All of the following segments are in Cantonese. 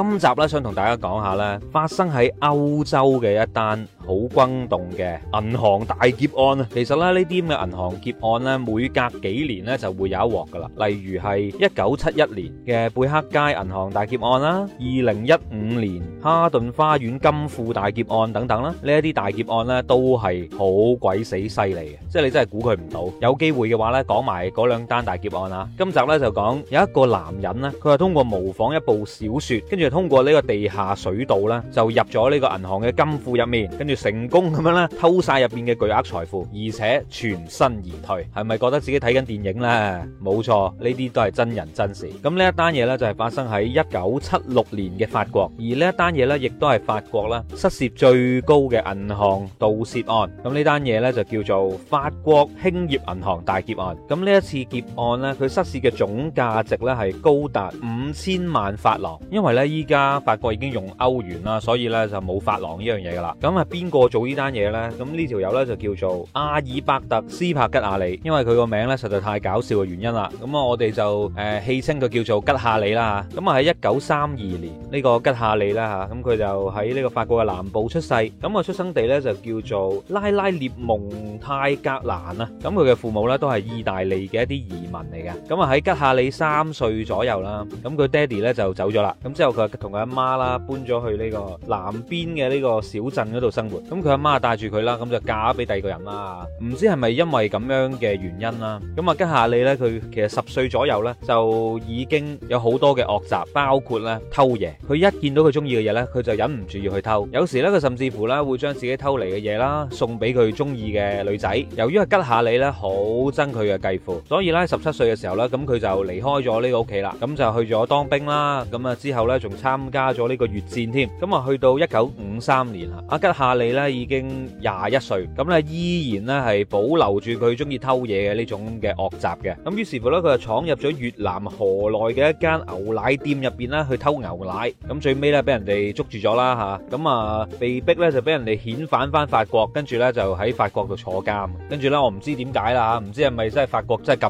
今集咧想同大家講下咧，發生喺歐洲嘅一單好轟動嘅銀行大劫案啊！其實咧呢啲咁嘅銀行劫案咧，每隔幾年咧就會有一鑊噶啦，例如係一九七一年嘅貝克街銀行大劫案啦，二零一五年哈頓花園金庫大劫案等等啦，呢一啲大劫案咧都係好鬼死犀利嘅，即係你真係估佢唔到。有機會嘅話咧，講埋嗰兩單大劫案啊！今集咧就講有一個男人咧，佢係通過模仿一部小說，跟住。通過呢個地下水道咧，就入咗呢個銀行嘅金庫入面，跟住成功咁樣咧偷晒入邊嘅巨額財富，而且全身而退。係咪覺得自己睇緊電影呢？冇錯，呢啲都係真人真事。咁呢一單嘢咧就係發生喺一九七六年嘅法國，而呢一單嘢咧亦都係法國啦失竊最高嘅銀行盜竊案。咁呢單嘢咧就叫做法國興業銀行大劫案。咁呢一次劫案咧，佢失竊嘅總價值咧係高達五千萬法郎，因為咧。依家法國已經用歐元啦，所以咧就冇法郎呢樣嘢噶啦。咁啊，邊個做呢單嘢咧？咁呢條友咧就叫做阿爾伯特·斯帕吉亞里，因為佢個名咧實在太搞笑嘅原因啦。咁啊，我哋就誒戲稱佢叫做吉夏里啦嚇。咁啊，喺一九三二年呢個吉夏里咧嚇，咁佢就喺呢個法國嘅南部出世。咁個出生地咧就叫做拉拉涅蒙泰格蘭啊。咁佢嘅父母咧都係意大利嘅一啲移民嚟嘅。咁啊，喺吉夏里三歲左右啦，咁佢爹哋咧就走咗啦。咁之後。同佢阿媽啦，搬咗去呢個南邊嘅呢個小鎮嗰度生活。咁佢阿媽帶住佢啦，咁就嫁咗俾第二個人啦。唔知係咪因為咁樣嘅原因啦？咁啊吉夏里咧，佢其實十歲左右咧就已經有好多嘅惡習，包括咧偷嘢。佢一見到佢中意嘅嘢咧，佢就忍唔住要去偷。有時咧，佢甚至乎咧會將自己偷嚟嘅嘢啦送俾佢中意嘅女仔。由於吉夏里咧好憎佢嘅繼父，所以咧十七歲嘅時候咧，咁佢就離開咗呢個屋企啦，咁就去咗當兵啦。咁啊之後咧。仲參加咗呢個越戰添，咁啊去到一九五三年啦，阿吉夏利咧已經廿一歲，咁咧依然咧係保留住佢中意偷嘢嘅呢種嘅惡習嘅，咁於是乎咧佢就闖入咗越南河內嘅一間牛奶店入邊咧，去偷牛奶，咁最尾咧俾人哋捉住咗啦嚇，咁啊被逼咧就俾人哋遣返翻法國，跟住咧就喺法國度坐監，跟住咧我唔知點解啦嚇，唔知係咪真係法國真係咁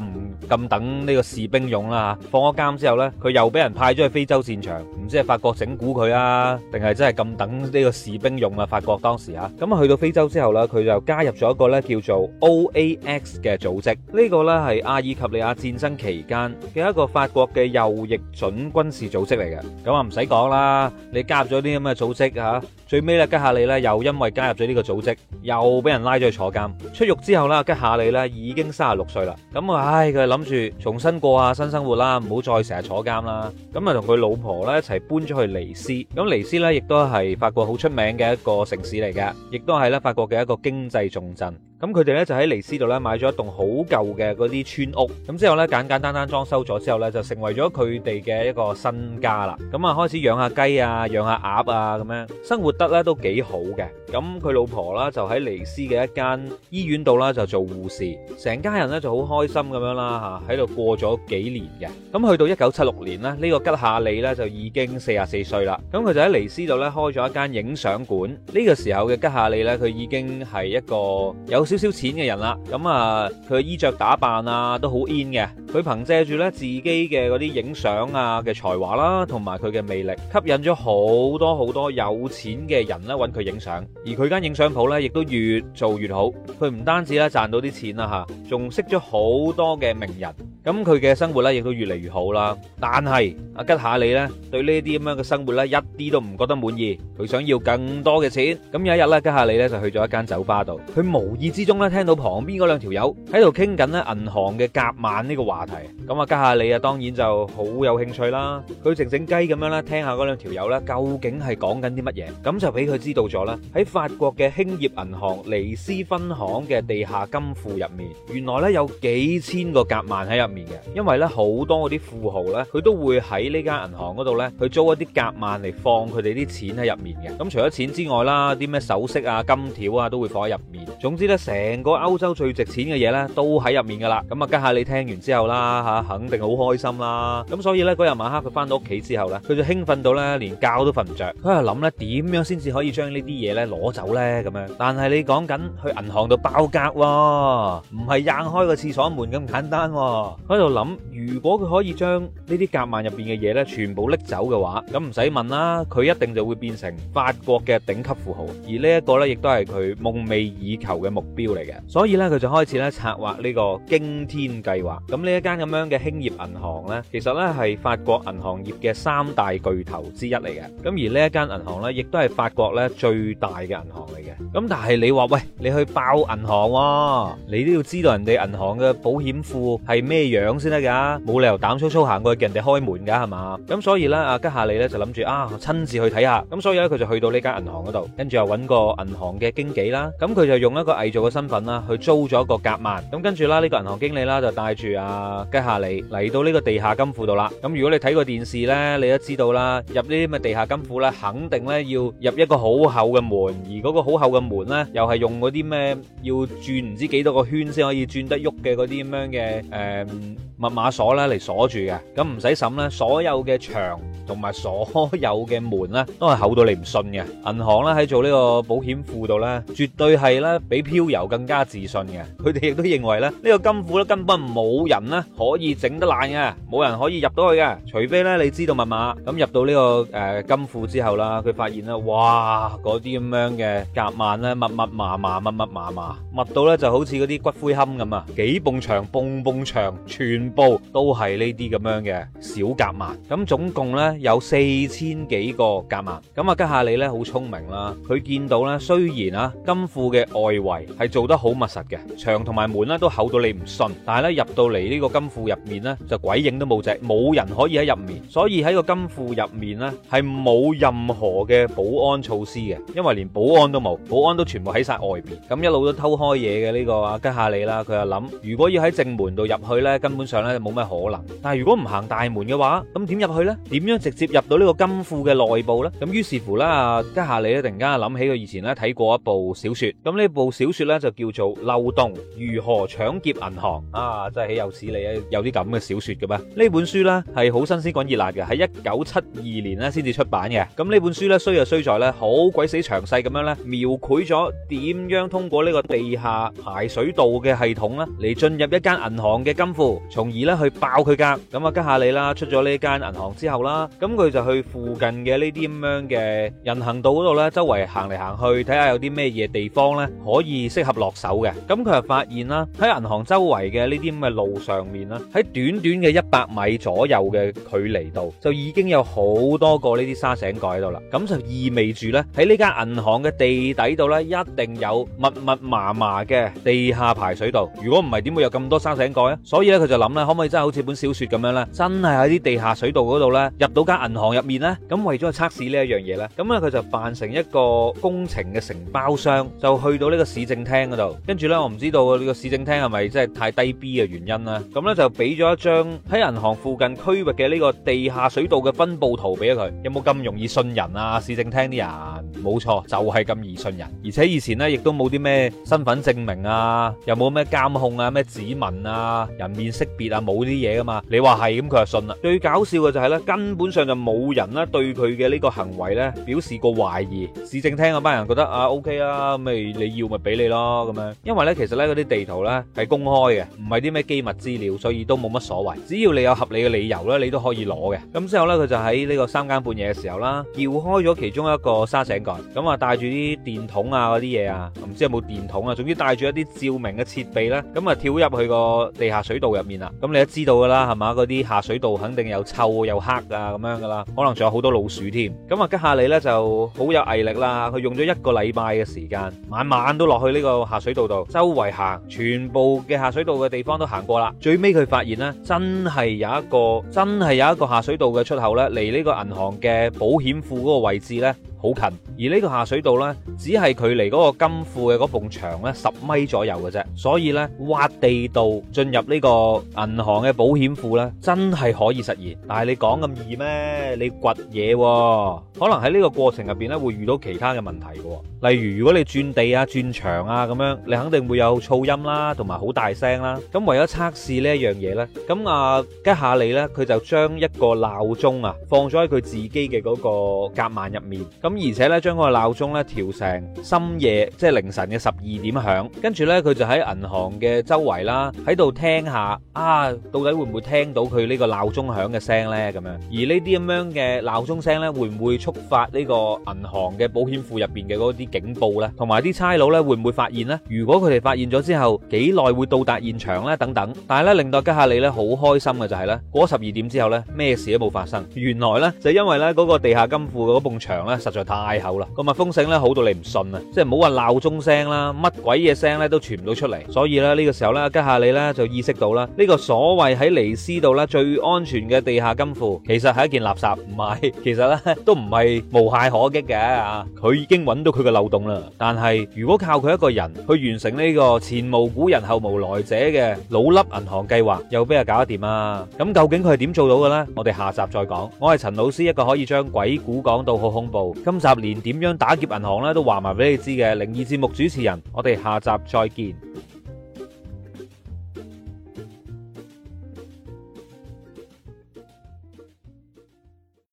咁等呢個士兵勇啦嚇，放咗監之後咧，佢又俾人派咗去非洲戰場。即係法國整蠱佢啊，定係真係咁等呢個士兵用啊？法國當時啊，咁啊去到非洲之後咧，佢就加入咗一個咧叫做 OAX 嘅組織，呢個咧係阿爾及利亞戰爭期間嘅一個法國嘅右翼準軍事組織嚟嘅。咁啊唔使講啦，你加入咗啲咁嘅組織啊，最尾咧吉夏利咧又因為加入咗呢個組織，又俾人拉咗去坐監。出獄之後咧，吉夏利咧已經三十六歲啦。咁啊唉，佢諗住重新過下新生活啦，唔好再成日坐監啦。咁啊同佢老婆咧一齊。搬咗去尼斯，咁尼斯咧亦都係法國好出名嘅一個城市嚟嘅，亦都係咧法國嘅一個經濟重鎮。咁佢哋咧就喺尼斯度咧買咗一棟好舊嘅嗰啲村屋，咁之後咧簡簡單單裝修咗之後咧就成為咗佢哋嘅一個新家啦。咁啊開始養下雞啊，養下鴨啊咁樣，生活得咧都幾好嘅。咁佢老婆啦就喺尼斯嘅一間醫院度啦就做護士，成家人咧就好開心咁樣啦嚇，喺度過咗幾年嘅。咁去到一九七六年咧，呢個吉夏利咧就已經四十四歲啦。咁佢就喺尼斯度咧開咗一間影相館。呢個時候嘅吉夏利咧，佢已經係一個有少少錢嘅人啦，咁、嗯、啊，佢衣着打扮啊都好 in 嘅。佢憑借住咧自己嘅嗰啲影相啊嘅才華啦，同埋佢嘅魅力，吸引咗好多好多有錢嘅人咧搵佢影相，而佢間影相鋪咧亦都越做越好。佢唔單止咧賺到啲錢啦吓，仲識咗好多嘅名人。咁佢嘅生活咧亦都越嚟越好啦。但係阿吉下利咧對呢啲咁樣嘅生活咧一啲都唔覺得滿意，佢想要更多嘅錢，咁有一日咧，吉下利咧就去咗一間酒吧度，佢無意之中咧聽到旁邊嗰兩條友喺度傾緊咧銀行嘅夾萬呢個話。話題咁啊，家下你啊，當然就好有興趣啦。佢靜靜雞咁樣啦，聽下嗰兩條友啦，究竟係講緊啲乜嘢？咁就俾佢知道咗啦。喺法國嘅興業銀行尼斯分行嘅地下金庫入面，原來咧有幾千個夾萬喺入面嘅。因為咧好多嗰啲富豪咧，佢都會喺呢間銀行嗰度咧，去租一啲夾萬嚟放佢哋啲錢喺入面嘅。咁、嗯、除咗錢之外啦，啲咩首飾啊、金條啊，都會放喺入面。總之咧，成個歐洲最值錢嘅嘢咧，都喺入面噶啦。咁啊，家下你聽完之後。啦嚇，肯定好開心啦。咁所以呢，嗰日晚黑佢翻到屋企之後呢，佢就興奮到呢，連覺都瞓唔着。佢喺度諗呢，點樣先至可以將呢啲嘢呢攞走呢？咁樣。但係你講緊去銀行度爆格喎，唔係硬開個廁所門咁簡單喎、哦。喺度諗，如果佢可以將呢啲夾萬入邊嘅嘢呢全部拎走嘅話，咁唔使問啦，佢一定就會變成法國嘅頂級富豪。而呢一個呢，亦都係佢夢寐以求嘅目標嚟嘅。所以呢，佢就開始呢，策劃呢個驚天計劃。咁呢？呢間咁樣嘅興業銀行咧，其實咧，係法國銀行業嘅三大巨頭之一嚟嘅。咁而呢一間銀行咧，亦都係法國咧最大嘅銀行嚟嘅。咁但係你話喂，你去爆銀行喎，你都要知道人哋銀行嘅保險庫係咩樣先得噶冇理由膽粗粗行過去人哋開門噶係嘛？咁所以咧，阿吉夏利咧就諗住啊，親自去睇下。咁所以咧，佢就去到呢間銀行嗰度，跟住又搵個銀行嘅經紀啦。咁佢就用一個偽造嘅身份啦，去租咗個夾萬。咁跟住啦，呢個銀行經理啦就帶住啊。啊，跟下嚟嚟到呢個地下金庫度啦。咁如果你睇過電視呢，你都知道啦，入呢啲咁嘅地下金庫呢，肯定呢要入一個好厚嘅門，而嗰個好厚嘅門呢，又係用嗰啲咩要轉唔知幾多個圈先可以轉得喐嘅嗰啲咁樣嘅誒密碼鎖咧嚟鎖住嘅，咁唔使審咧，所有嘅牆同埋所有嘅門咧，都係厚到你唔信嘅。銀行咧喺做呢個保險庫度咧，絕對係咧比飄柔更加自信嘅。佢哋亦都認為咧，呢、這個金庫咧根本冇人咧可以整得爛嘅，冇人可以入到去嘅，除非咧你知道密碼。咁入到呢、這個誒、呃、金庫之後啦，佢發現咧，哇，嗰啲咁樣嘅夾萬咧密密麻麻、密密麻麻，密到咧就好似嗰啲骨灰龕咁啊，幾埲牆，埲埲牆，全。煲都係呢啲咁樣嘅小夾萬，咁總共咧有四千幾個夾萬。咁啊，吉夏里咧好聰明啦，佢見到咧雖然啊金庫嘅外圍係做得好密實嘅，牆同埋門咧都厚到你唔信，但係咧入到嚟呢個金庫入面咧就鬼影都冇隻，冇人可以喺入面，所以喺個金庫入面咧係冇任何嘅保安措施嘅，因為連保安都冇，保安都全部喺晒外邊，咁一路都偷開嘢嘅呢個啊吉夏里啦，佢又諗，如果要喺正門度入去咧，根本上。咧冇咩可能，但係如果唔行大門嘅話，咁點入去咧？點樣直接入到呢個金庫嘅內部咧？咁於是乎啦，家下你咧突然間諗起佢以前咧睇過一部小說，咁呢部小說咧就叫做《漏洞如何搶劫銀行》啊！真係豈有此理啊！有啲咁嘅小說嘅咩？呢本書咧係好新鮮滾熱辣嘅，喺一九七二年咧先至出版嘅。咁呢本書咧衰就衰在咧好鬼死詳細咁樣咧描繪咗點樣通過呢個地下排水道嘅系統咧嚟進入一間銀行嘅金庫，從而咧去爆佢格，咁啊吉夏利啦出咗呢間銀行之後啦，咁佢就去附近嘅呢啲咁樣嘅人行道嗰度咧，周圍行嚟行去睇下有啲咩嘢地方咧可以適合落手嘅。咁佢就發現啦，喺銀行周圍嘅呢啲咁嘅路上面啦，喺短短嘅一百米左右嘅距離度就已經有好多個呢啲沙井蓋喺度啦。咁就意味住咧喺呢間銀行嘅地底度咧一定有密密麻麻嘅地下排水道。如果唔係，點會有咁多沙井蓋啊？所以咧，佢就諗。咁啦，可唔可以真係好似本小說咁樣咧？真係喺啲地下水道嗰度咧，入到間銀行入面咧，咁為咗去測試呢一樣嘢咧，咁咧佢就扮成一個工程嘅承包商，就去到呢個市政廳嗰度。跟住咧，我唔知道呢個市政廳係咪真係太低 B 嘅原因啦？咁咧就俾咗一張喺銀行附近區域嘅呢個地下水道嘅分布圖俾咗佢。有冇咁容易信人啊？市政廳啲人，冇錯，就係咁易信人。而且以前咧亦都冇啲咩身份證明啊，又冇咩監控啊，咩指紋啊，人面識別啊冇啲嘢噶嘛，你話係咁佢就信啦。最搞笑嘅就係、是、咧，根本上就冇人咧對佢嘅呢個行為咧表示過懷疑。市政廳嗰班人覺得啊 O K 啦，咪、OK, 啊嗯、你要咪俾你咯咁樣。因為咧其實咧嗰啲地圖咧係公開嘅，唔係啲咩機密資料，所以都冇乜所謂。只要你有合理嘅理由咧，你都可以攞嘅。咁之後咧佢就喺呢個三更半夜嘅時候啦，撬開咗其中一個沙井蓋，咁啊帶住啲電筒啊嗰啲嘢啊，唔知有冇電筒啊，總之帶住一啲照明嘅設備咧，咁啊跳入去個地下水道入面啦。咁你都知道噶啦，係嘛？嗰啲下水道肯定又臭又黑啊，咁樣噶啦，可能仲有好多老鼠添。咁啊，接下嚟呢就好有毅力啦，佢用咗一個禮拜嘅時間，晚晚都落去呢個下水道度周圍行，全部嘅下水道嘅地方都行過啦。最尾佢發現呢真係有一個真係有一個下水道嘅出口呢，嚟呢個銀行嘅保險庫嗰個位置呢。好近，而呢個下水道咧，只係距離嗰個金庫嘅嗰埲牆咧十米左右嘅啫。所以咧，挖地道進入呢個銀行嘅保險庫咧，真係可以實現。但係你講咁易咩？你掘嘢喎，可能喺呢個過程入邊咧會遇到其他嘅問題㗎。例如如果你轉地啊、轉牆啊咁樣，你肯定會有噪音啦，同埋好大聲啦。咁為咗測試呢一樣嘢咧，咁阿吉夏利咧佢就將一個鬧鐘啊放咗喺佢自己嘅嗰個夾萬入面。咁而且咧，將嗰個鬧鐘咧調成深夜，即係凌晨嘅十二點響。跟住咧，佢就喺銀行嘅周圍啦，喺度聽下啊，到底會唔會聽到佢呢個鬧鐘響嘅聲咧？咁樣而呢啲咁樣嘅鬧鐘聲咧，會唔會觸發呢個銀行嘅保險庫入邊嘅嗰啲警報咧？同埋啲差佬咧，會唔會發現咧？如果佢哋發現咗之後，幾耐會到達現場咧？等等。但係咧，令到吉克里咧好開心嘅就係咧，過咗十二點之後咧，咩事都冇發生。原來咧，就因為咧嗰個地下金庫嘅嗰埲牆咧，實在，就太厚啦，個密封性咧好到你唔信啊！即係唔好話鬧鐘聲啦，乜鬼嘢聲咧都傳唔到出嚟。所以咧呢個時候咧，吉下你咧就意識到啦，呢個所謂喺尼斯度咧最安全嘅地下金庫，其實係一件垃圾，唔係，其實咧都唔係無懈可擊嘅啊！佢已經揾到佢嘅漏洞啦。但係如果靠佢一個人去完成呢個前無古人後無來者嘅老粒銀行計劃，又邊度搞得掂啊？咁究竟佢係點做到嘅咧？我哋下集再講。我係陳老師，一個可以將鬼故講到好恐怖。今集連點樣打劫銀行咧，都話埋俾你知嘅靈異節目主持人，我哋下集再見。